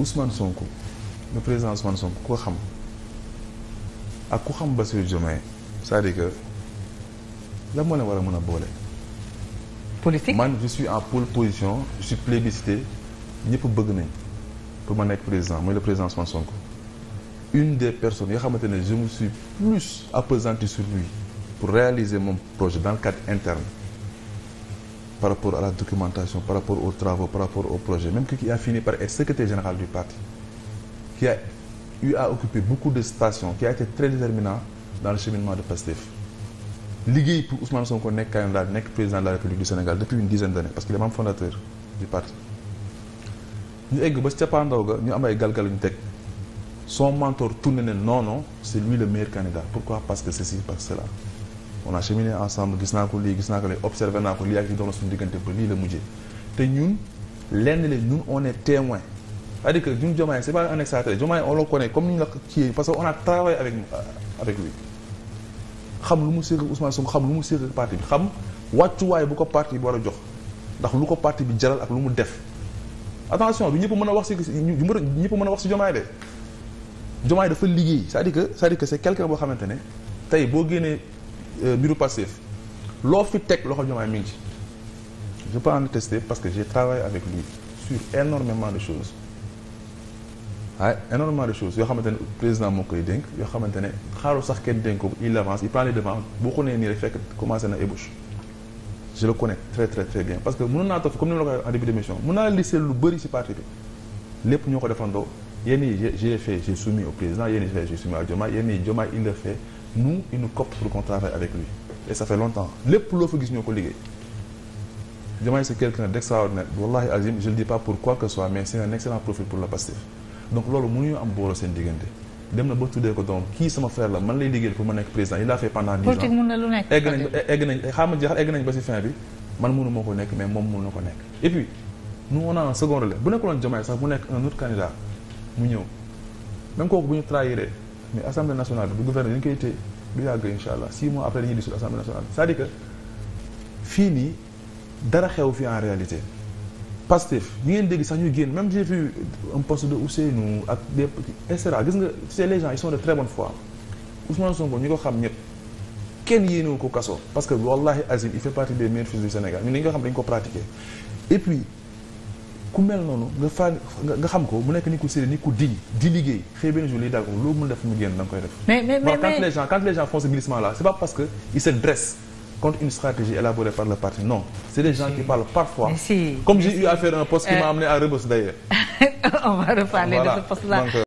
Ousmane Sonko le président Ousmane Sonko ku ko xam ak ku xam Bassirou Diomaye c'est-à-dire que la moo leen war a mën a boole. politique man je suis en pole position je suis plébiscité ñëpp bëgg nañ pour ma nekk président mooy le président Ousmane Sonko une des personnes yoo xamante ne je me suis plus appesanti sur lui pour réaliser moom projet dans le cadre interne. par rapport à la documentation, par rapport aux travaux, par rapport au projet. Même qui a fini par être secrétaire général du parti, qui a eu à occuper beaucoup de stations, qui a été très déterminant dans le cheminement de PASTEF. Ligue pour Ousmane Sonko n'est candidat, n'est président de la République du Sénégal depuis une dizaine d'années, parce qu'il est membre fondateur du parti. Nous avons son mentor tourne non, non, c'est lui le meilleur candidat. Pourquoi Parce que ceci, parce que cela. on a cheminé ensemble gis naa ko lii gis naa ko lii observé naa ko lii ak lii doon na suñu diggante ba lii la mujjee te ñun lenn la ñun on est témoin c'est-à-dire que ñun Diomaye c'est pas un extraterrestre Diomaye on le connaît comme ni ñu la kii parce que on a travaillé avec euh, avec lui xam lu mu séq Ousmane Sonko xam lu mu séq parti bi xam wàccuwaay bu ko parti bi war a jox ndax lu ko parti bi jaral ak lu mu def attention du ñëpp mën a wax si ñëpp mën a wax si Diomaye de Diomaye dafa liggéey c'est-à-dire que c'est-à-dire que c'est boo xamante ne tey boo génnee Euh, bureau Pastef loo fi teg loxo Diomaye mi ngi ci je peux en attester parce que j'ai travaillé avec lui sur énormément de choses waaye énormément de choses yoo xamante ne président moo koy dénk yoo xamante ne xaaru sax kenn dénk ko il avance il prend boo ko nee nii fekk commencé na ébauche je le connais très très très parce que mënoon naa toog comme ni ma la ko waxee en début d'émission naa listé lu bëri ci parti lépp ñoo ko defandoo yenn yi j'ai fait j'ai soumis au président yenn yi j'ai soumis à Diomaye yenn yi il le nous il nous copte pour qu'on travaille avec lui et ça fait longtemps lépp loo fa gis ñoo ko liggéey Diomaye c'est quelqu'un d'extraordinaire wallahi azim je le dis pas pour quoi que ce soit mais c'est un excellent profil pour le Pastef donc loolu mënuñu am booloo seen diggante dem na ba tuddee ko donc kii sama frère la man lay liggéeyal pour ma nekk président il l'a fait pendant dix ans politique mën lu nekk egg nañ egg nañ xaaral egg nañ ba si fin bi man mënu moo ko nekk mais moom mënu na ko nekk et puis nous on a un sax mu nekk un autre candidat mu ñëw même kooku bu ñu trahiré mais assemblée nationale bu gouverneur dañu koy téye du yàgg incha allah six mois après dañuy dissoudre assemblée nationale cest à fii nii dara xew fi en réalité Pastef ñi ngeen dégg sax ñu génn même j'ai vu un poste de Ousseynou ak des et gis nga c'est les gens ils sont de très bonne foi Ousmane Sonko ñi ko xam ñëpp kenn yéenewu ko kaso parce que wallahi azim il fait partie des meilleurs fils du Sénégal ñun dañu ko xam dañu ko pratiquer et ku mel noonu nga faa nga xam ko mu nekk ni ku séddee ni ku diñ di liggéey xëy benn jour lii daal loo mën def mu génn da koy def. mais mais mais quand les les gens font glissement là c'est pas parce que ils se dressent contre une stratégie élaborée par le parti non c'est des gens qui parlent parfois. comme j'ai eu à faire un m'a euh. amené à Rebeuss d'ailleurs. on va reparler de ce poste là.